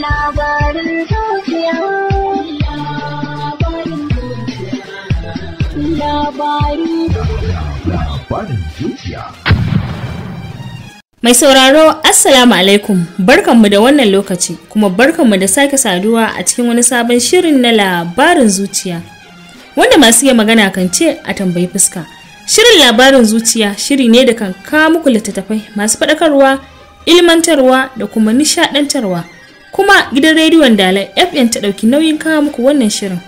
Mai sauraro, Assalamu alaikum, barkanmu da wannan lokaci, kuma barkanmu da sake saduwa a cikin wani sabon shirin na labarin zuciya. Wanda masu iya magana kan ce a tambayi fuska. Shirin labarin zuciya shiri ne da kan kawo muku littattafai masu faɗakarwa, ilmantarwa da kuma nishaɗantarwa. kuma gidan rediyon Dalai FM ta ɗauki nauyin kawo muku wannan shirin.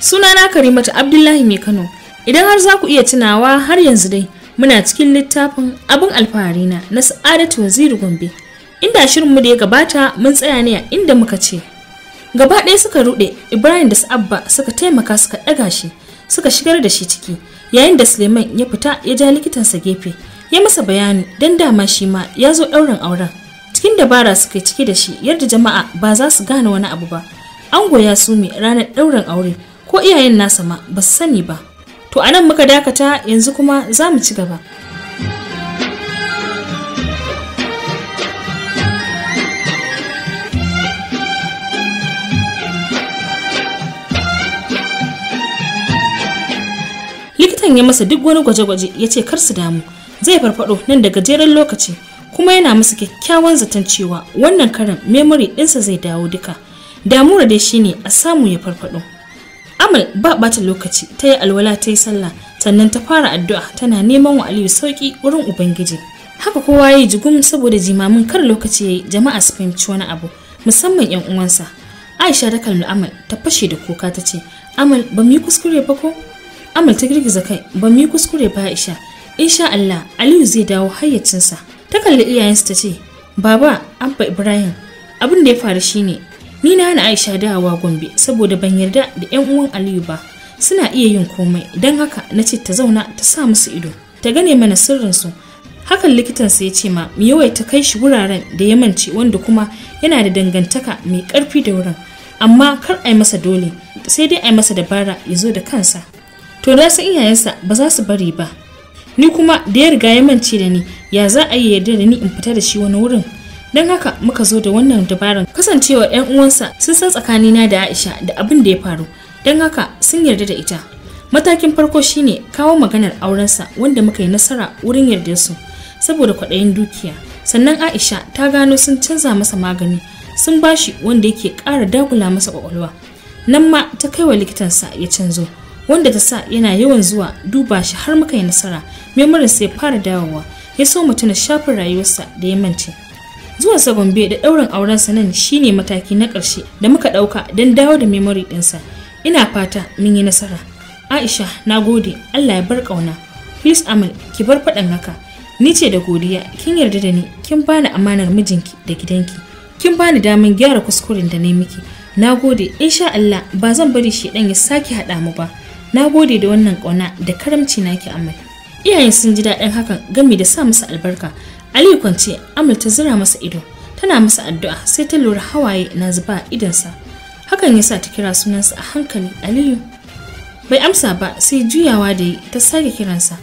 Sunana Karimatu Abdullahi Mai Kano. Idan har za ku iya tunawa har yanzu dai muna cikin littafin abin alfahari na na Sa'adatu Waziri Gombe. Inda shirinmu da ya gabata mun tsaya ne a inda muka ce. Gaba ɗaya suka ruɗe Ibrahim da Sa'abba suka taimaka suka ɗaga shi suka shigar da shi ciki yayin da Suleiman ya fita ya ja likitansa gefe ya masa bayani don dama shi ma ya zo ɗaurin auren. cikin dabara suka cike da shi yadda jama'a ba za su gane wani abu ba ango ya sume ranar ɗaurin aure ko iyayen nasa ma ba su sani ba to anan muka dakata yanzu kuma za mu ci gaba likitan ya masa duk wani gwaje-gwaje ya ce kar su damu zai farfado nan da gajeren lokaci kuma yana masa kyakkyawan zaton cewa wannan karin memory ɗinsa zai dawo duka damura dai shine a samu ya farfado amal ba bata lokaci ta yi alwala ta yi sallah sannan ta fara addu'a tana neman wa aliyu sauki wurin ubangiji haka kowa ya yi jigum saboda jimamin kar lokaci ya yi jama'a su fahimci wani abu musamman yan uwansa aisha ta kalmi amal ta fashe da kuka ta ce amal ba mu yi kuskure ba ko amal ta girgiza kai ba mu yi kuskure ba aisha insha allah aliyu zai dawo hayyacinsa ta kalli iyayensu ta ce baba abba ibrahim abin da ya faru shine ni na hana aisha dawowa gombe saboda ban yarda da yan uwan aliyu ba suna iya yin komai don haka na ce ta zauna ta sa musu ido ta gane mana sirrinsu hakan likitansa ya ce ma mu yawaita kai shi wuraren da ya mance wanda kuma yana da dangantaka mai karfi da wurin amma kar a yi masa dole sai dai a yi masa dabara ya zo da kansa to na san iyayensa ba za su bari ba ni kuma da ya riga ya mance da ni ya za a yi yarda da ni in fita da shi wani wurin don haka muka zo da wannan dabaran kasancewar 'yan uwansa sun san tsakanina da aisha da abin da ya faru don haka sun yarda da ita matakin farko shine kawo maganar aurensa wanda muka yi nasara wurin yarda su saboda kwaɗayin dukiya sannan aisha ta gano sun canza masa magani sun ba shi wanda yake ƙara dagula masa kwakwalwa nan ma ta kai wa likitansa ya canzo wanda ta sa yana yawan zuwa duba shi har muka yi nasara memorin sai fara dawowa ya so mutum na shafin rayuwarsa da ya mance zuwa sa gombe da ɗaurin aurensa nan shine mataki na ƙarshe da muka ɗauka don dawo da memory ɗinsa ina fata mun yi nasara aisha na gode allah ya bar ƙauna please amal ki bar faɗan haka ni ce da godiya kin yarda da ni kin bani amanar mijinki da gidanki kin bani damin gyara kuskuren da na yi miki na gode insha allah ba zan bari shi ɗan ya sake haɗa mu ba na gode da wannan ƙauna da karamci naki amal iyayen sun ji daɗin hakan gami da sa masa albarka aliyu kwance amal ta zira masa ido tana masa addu'a sai ta lura hawaye na zuba a idonsa hakan ya sa ta kira sunansa a hankali aliyu bai amsa ba sai juyawa da yi ta sake kiransa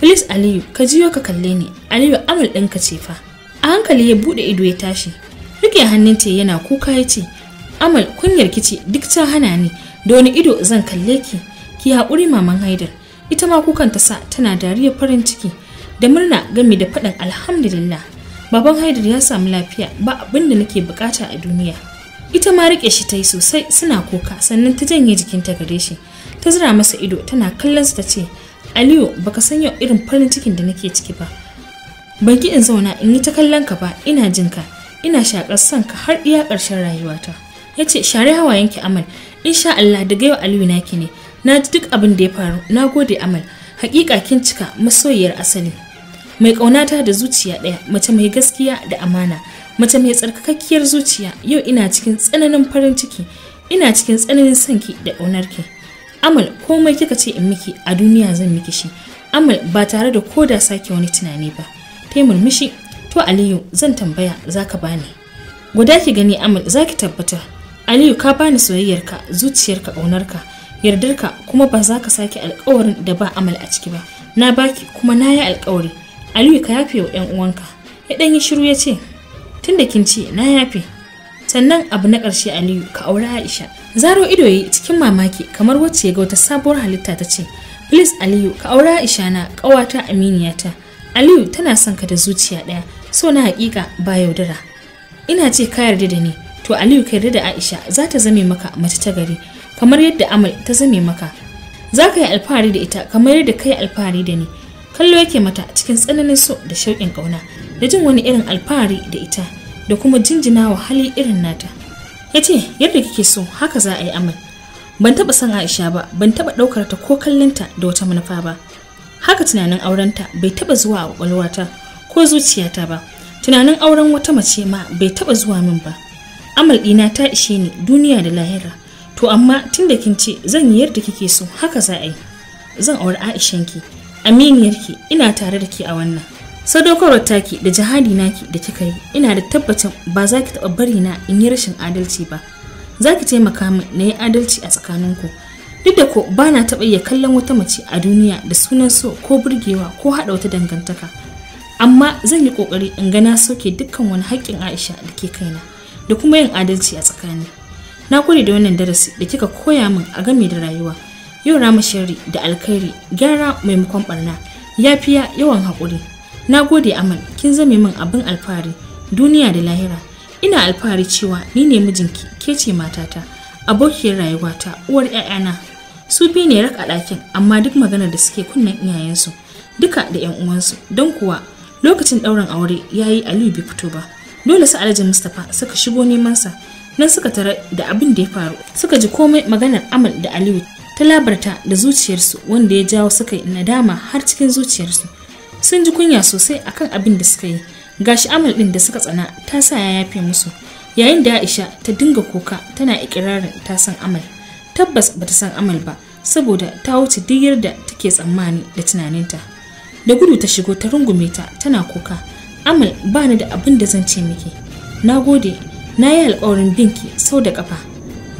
Filis Aliyu ka jiyo ka kalle ni Aliyu amal ɗinka ce fa a hankali ya buɗe ido ya tashi rike hannunta yana kuka ya ce amal kunyar kici duk ta hana ni da wani ido zan kalle ki ki haƙuri maman haidar ita ma kukan ta sa tana dariyar farin ciki da murna gami da faɗin alhamdulillah baban haidar ya samu lafiya ba abin da nake bukata a duniya ita ma riƙe shi ta yi sosai suna kuka sannan ta janye jikinta gare shi ta zira masa ido tana kallon su ta ce aliyu baka san yau irin farin cikin da nake ciki ba ban ki in zauna in yi ta kallon ka ba ina jin ka ina shakar son ka har iya ƙarshen rayuwata ya ce share hawayenki amal insha Allah daga yau aliyu naki ne na ji duk abin da ya faru na gode amal hakika kin cika masoyiyar asali mai ƙaunata da zuciya ɗaya mace mai gaskiya da amana mace mai tsarkakakkiyar zuciya yau ina cikin tsananin farin ciki ina cikin tsananin sanki da ƙaunarki amal komai kika ce in miki a duniya zan miki shi amal ba tare da ko da sake wani tunani ba ta murmushi to aliyu zan tambaya za zaka bani guda ki gani amal za ki tabbatar aliyu ka bani soyayyarka zuciyarka ƙaunarka ka kuma ba za ka sake alkawarin da ba amal a ciki ba na baki kuma na yi alkawari aliyu ka yafe wa 'yan uwanka ya ɗan yi shiru ya ce tun da kin ce na yafe sannan abu na ƙarshe aliyu ka aure aisha zaro ido yi cikin mamaki kamar wacce ya ga wata sabuwar halitta ta ce please aliyu ka aure aisha na ƙawata aminiyata aliyu tana son ka da zuciya ɗaya so na haƙiƙa ba yaudara ina ce ka yarda da ni to aliyu ka yarda da aisha za ta zame maka mace ta gari kamar yadda amal ta zame maka za ka yi alfahari da ita kamar yadda ka yi alfahari da ni kallo yake mata cikin tsananin so da shauƙin ƙauna da jin wani irin alfahari da ita da kuma jinjina wa hali irin nata ya ce yadda kake so haka za a yi amal ban taɓa son aisha ba ban taɓa ɗaukar ta ko kallonta da wata manufa ba haka tunanin aurenta bai taɓa zuwa a ƙwaƙwalwata ko zuciyata ba tunanin auren wata mace ma bai taɓa zuwa min ba amal ɗina ta ishe ni duniya da lahira to amma tun da kin ce zan yi yadda kike so haka za a yi zan auri aishanki aminiyarki ina tare da ki a wannan sadaukarwar taki da jihadi naki da kika yi ina da tabbacin ba za ki taɓa bari na in yi rashin adalci ba za ki taimaka min na yi adalci a tsakaninku duk da ko ba na taɓa iya kallon wata mace a duniya da sunan so ko burgewa ko haɗa wata dangantaka amma zan yi ƙoƙari in gana soke dukkan wani haƙƙin aisha da ke kaina da kuma yin adalci a tsakani na gode da wannan darasi da kika koya min a game da rayuwa yau rama sharri da alkhairi gyara maimakon barna yafiya yawan haƙuri na gode amal kin zame min abin alfahari duniya da lahira ina alfahari cewa ni ne mijinki ke ce matata abokiyar rayuwata uwar 'ya'yana su biyu ne raka ɗakin amma duk maganar da suke kunnen iyayensu duka da 'yan uwansu don kuwa lokacin ɗaurin aure ya yi aliyu bi fito ba dole su alhaji mustapha suka shigo neman sa nan suka tara da abin da ya faru suka ji komai maganar amal da aliyu ta labarta da zuciyarsu wanda ya jawo suka yi nadama har cikin zuciyarsu sun ji kunya sosai akan abin da suka yi gashi amal din da suka tsana ta sa ya yafe musu yayin da aisha ta dinga kuka tana ikirarin ta san amal tabbas bata san amal ba saboda ta wuce duk yadda take tsammani da tunaninta da gudu ta shigo ta rungume ta tana kuka amal bani da abin da zan ce miki na gode na yi alkawarin dinki sau da kafa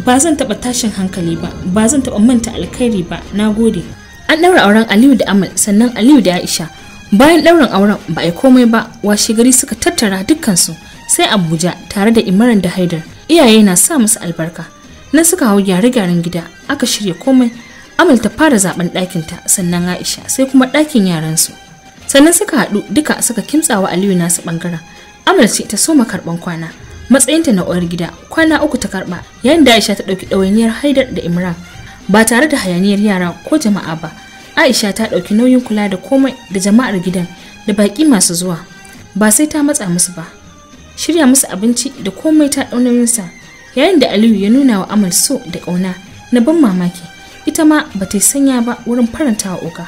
ba zan taɓa tashin hankali ba ba zan taɓa manta alkhairi ba na gode an ɗaura auren aliyu da amal sannan aliyu da aisha bayan ɗaurin auren ba a komai ba washe gari suka tattara dukkansu sai abuja tare da imaran da haidar iyaye na sa musu albarka na suka hau gyare-gyaren gida aka shirya komai amal ta fara zaben ɗakinta sannan aisha sai kuma ɗakin yaransu sannan suka haɗu duka suka kimtsawa aliyu nasu ɓangaren amal ce ta soma karɓan kwana matsayinta na uwar gida kwana uku ta karba yayin da aisha ta ɗauki ɗawainiyar haidar da imran ba tare da hayaniyar yara ko jama'a ba aisha ta ɗauki nauyin kula da komai da jama'ar gidan da baƙi masu zuwa ba sai ta matsa musu ba shirya musu abinci da komai ta ɗau yayin da aliyu ya nuna wa amal so da ƙauna na ban mamaki ita ma ba ta sanya ba wurin faranta wa oga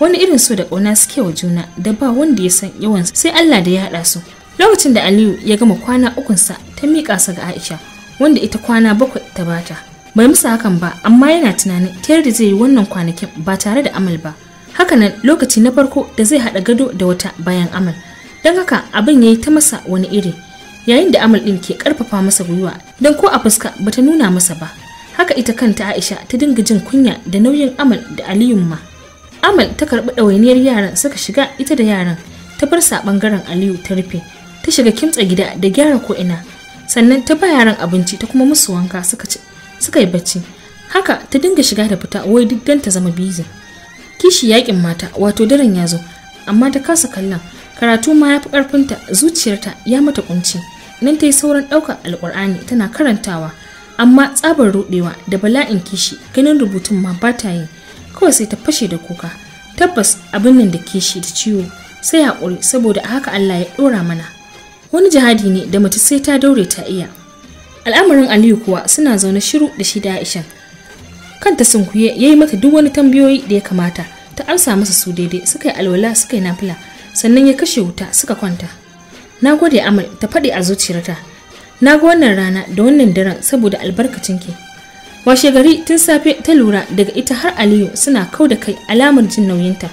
wani irin so da ƙauna suke wa juna da ba wanda ya san yawan sai allah da ya haɗa su lokacin da aliyu ya gama kwana ukunsa ta miƙa sa ga aisha wanda ita kwana bakwai ta bata bai musa hakan ba amma yana tunanin ta yarda zai yi wannan kwanakin ba tare da amal ba hakanan lokaci na farko da zai haɗa gado da wata bayan amal don haka abin ya yi ta masa wani iri yayin da amal ɗin ke ƙarfafa masa gwiwa don ko a fuska ba ta nuna masa ba haka ita kanta aisha ta dinga jin kunya da nauyin amal da aliyun ma amal ta karɓi ɗawainiyar yaran suka shiga ita da yaran ta bar sa ɓangaren aliyu ta rufe ta shiga kimtsa gida da gyara ko ina sannan ta ba yaran abinci ta kuma musu wanka suka yi bacci haka ta dinga shiga da fita wai duk dan ta zama bizi kishi yakin mata wato daren ya zo amma ta kasa kallon karatu ma ya fi karfinta zuciyarta ya mata kunci nan ta yi sauran ɗaukar alƙur'ani tana karantawa amma tsabar ruɗewa da bala'in kishi ganin rubutun ma ba ta yi kawai sai ta fashe da kuka tabbas abin nan da kishi da ciwo sai haƙuri saboda a haka Allah ya ɗora mana wani jihadi ne da mace sai ta daure ta iya al'amarin aliyu kuwa suna zaune shiru da shi da aishan kanta sunkuye ya yi mata duk wani tambayoyi da ya kamata ta amsa masa su daidai suka yi alwala suka yi nafila sannan ya kashe wuta suka kwanta na gode amal ta faɗi a zuciyarta na ga wannan rana da wannan daren saboda albarkacin ki washe gari tun safe ta lura daga ita har aliyu suna kau da kai alamar jin nauyinta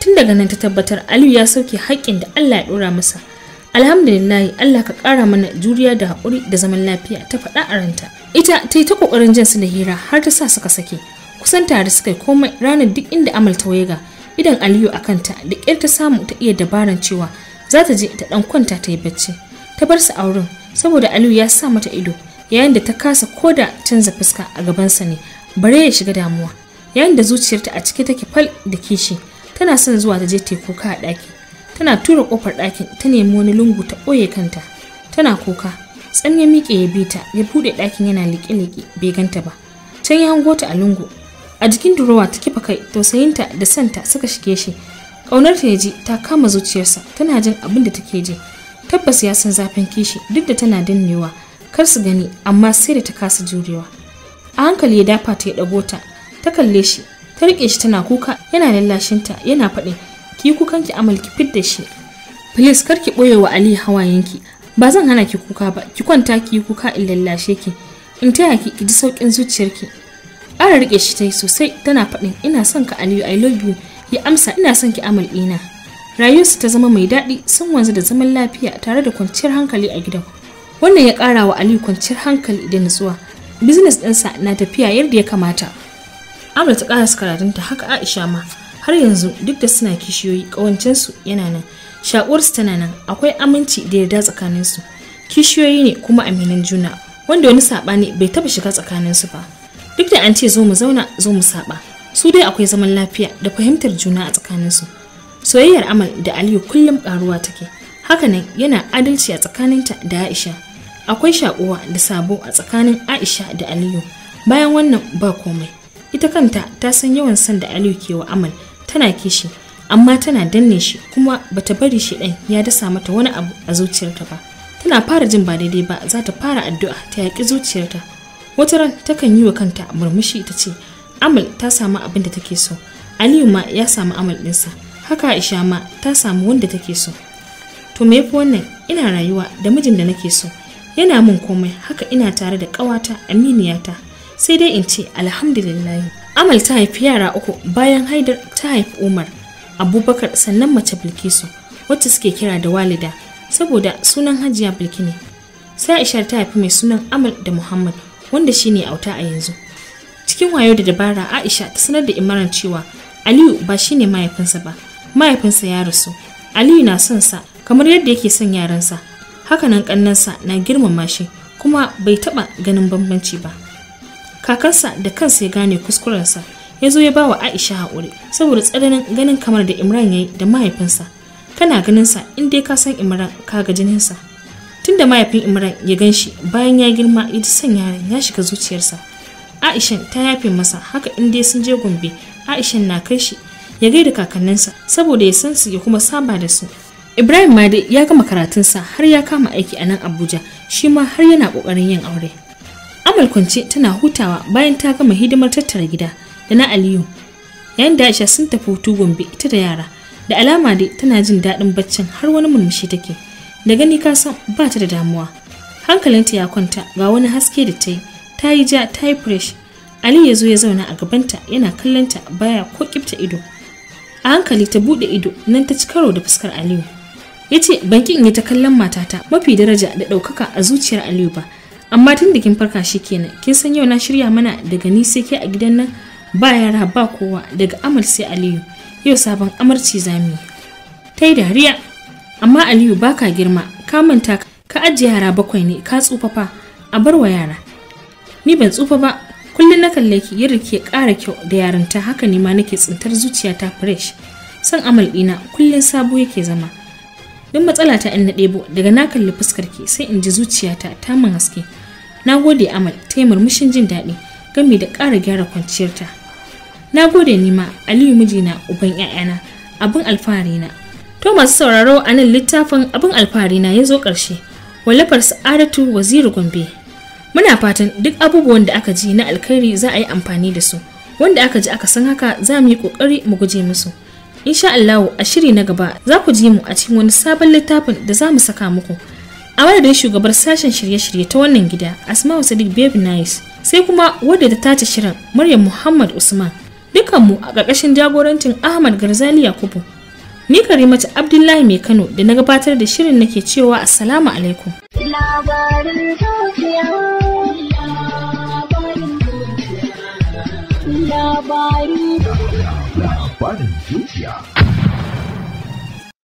tun daga nan ta tabbatar aliyu ya sauke haƙƙin da allah ya ɗora masa alhamdulillahi Allah ka kara mana juriya da haƙuri da zaman lafiya ta faɗa a ranta ita ta yi ta ƙoƙarin jan su da hira har ta sa suka sake kusan tare suka yi komai ranar duk inda amal ta idan aliyu a kanta da ƙyar ta samu ta iya dabaran cewa za ta je ta ɗan kwanta ta yi bacci ta bar su a saboda aliyu ya sa mata ido yayin da ta kasa koda canza fuska a gaban sa ne bare ya shiga damuwa yayin da zuciyarta a cike take fal da kishi tana son zuwa ta je ta kuka a ɗaki tana tura kofar ɗakin ta nemi wani lungu ta ɓoye kanta tana kuka tsan ya miƙe ya bi ta ya buɗe ɗakin yana liƙe-liƙe bai ganta ba can ya hango ta a lungu a jikin durowa ta kifa kai tausayinta da santa suka shige shi ƙaunar ta ji ta kama zuciyarsa tana jin abin da take ji tabbas ya san zafin kishi duk da tana dannewa kar su gani amma sai da ta kasa jurewa a hankali ya dafa ta ya ɗago ta ta kalle shi ta riƙe shi tana kuka yana lallashinta yana faɗin ki kukan ki amal ki da shi please kar ki boye wa ali hawayenki ba zan hana ki kuka ba ki kwanta ki kuka in lallashe ki in taya ki ki ji saukin zuciyarki ƙara rike shi tai sosai tana faɗin ina son ka aliyu i love you ya amsa ina son ki amal ina. rayuwarsu ta zama mai daɗi sun wanzu da zaman lafiya tare da kwanciyar hankali a gidan wannan ya ƙara wa aliyu kwanciyar hankali da nutsuwa bizines ɗinsa na tafiya yadda ya kamata amurka ta ƙara karatunta haka aisha ma har yanzu duk da suna kishiyoyi ƙawancensu yana nan shaƙuwarsu tana nan akwai aminci da yarda tsakaninsu kishiyoyi ne kuma aminan juna wanda wani saɓani bai taɓa shiga tsakaninsu ba duk da an ce zo mu zauna zo mu saɓa su dai akwai zaman lafiya da fahimtar juna a tsakaninsu soyayyar amal da aliyu kullum ƙaruwa take hakanan yana adalci a tsakaninta da aisha akwai shakuwa da sabo a tsakanin aisha da aliyu bayan wannan ba komai ita kanta ta san yawan son da aliyu ke wa amal tana kishi amma tana danne shi kuma bata bari shi ɗan ya dasa mata wani abu a zuciyarta ba tana fara jin ba daidai ba za ta fara addu'a ta yaƙi zuciyarta wata ran takan yi wa kanta murmushi ta ce amal ta samu abin da take so aliyu ma ya samu amal ɗinsa haka aisha ma ta samu wanda take so to me yafi wannan ina rayuwa da mijin da nake so yana min komai haka ina tare da ƙawata aminiyata sai dai in ce alhamdulillah amal ta haifi yara uku bayan haidar ta haifi umar abubakar sannan mace bilkisu wacce suke kira da walida saboda sunan hajiya bilki ne sai ishar ta haifi mai sunan amal da muhammad wanda shine auta a yanzu cikin wayo da dabara aisha ta sanar da imaran cewa aliyu ba shine mahaifinsa ba mahaifinsa ya rasu aliyu na son sa kamar yadda yake son yaransa hakanan kannansa na girmama shi kuma bai taba ganin bambanci ba kakansa da kansa ya gane kuskurensa ya zo ya ba wa aisha haƙuri saboda tsananin ganin kamar da imran ya yi da mahaifinsa kana ganinsa in dai ka san imran ka ga jininsa tunda mahaifin imran ya gan shi bayan ya girma ya ji son ya shiga zuciyarsa aishan ta yafe masa haka in dai sun je gombe aisha na kai shi ya gaida kakanninsa saboda ya san su ya kuma saba da su ibrahim ma dai ya gama karatunsa har ya kama aiki a nan abuja shi ma har yana ƙoƙarin yin aure amal kwance tana hutawa bayan ta gama hidimar tattara gida da na aliyu yayin da aisha sun tafi hutu gombe ita da yara da alama dai tana jin daɗin baccin har wani murmushi take da gani ka san ba ta da damuwa hankalinta ya kwanta ga wani haske da ta yi ta yi ja ta yi fresh ali ya zo ya zauna a gabanta yana kallonta baya ko kifta ido a hankali ta buɗe ido nan ta ci karo da fuskar aliyu ya ce ban in yi ta kallon matata mafi daraja da ɗaukaka a zuciyar aliyu ba amma tun da kin farka shi kenan kin san yau na shirya mana daga ni sai ke a gidan nan ba yara ba kowa daga amal sai aliyu yau sabon amarci zami ta yi dariya amma aliyu baka girma ka manta ka ajiye yara bakwai ne ka tsufa a bar wa yara ni ban tsufa ba kullum na kalle ki yadda ke ƙara kyau da yarinta haka ne ma nake tsintar zuciyata ta fresh san amal ɗina kullum sabo yake zama don matsala ta in na ɗebo daga na kalli fuskar ki sai in ji zuciyata ta min haske na gode amal ta yi murmushin jin daɗi gami da ƙara gyara kwanciyarta na gode nima aliyu mijina uban 'ya'yana abin alfahari na to masu sauraro a nan littafin abin alfahari na ya zo ƙarshe wallafar sa'adatu waziri gombe muna fatan duk abubuwan da aka ji na alkhairi za a yi amfani da su wanda aka ji aka san haka za mu yi ƙoƙari mu guje musu insha Allahu a shiri na gaba za ku ji mu a cikin wani sabon littafin da za mu saka muku a madadin shugabar sashen shirye-shirye ta wannan gida asma'u sadiq baby nice sai kuma wadda ta tace shirin maryam muhammad usman dukanmu a ƙarƙashin jagorancin ahmad garzali yakubu ni karimatu abdullahi mai kano da na gabatar da shirin nake cewa assalamu alaikum labarin 有奖。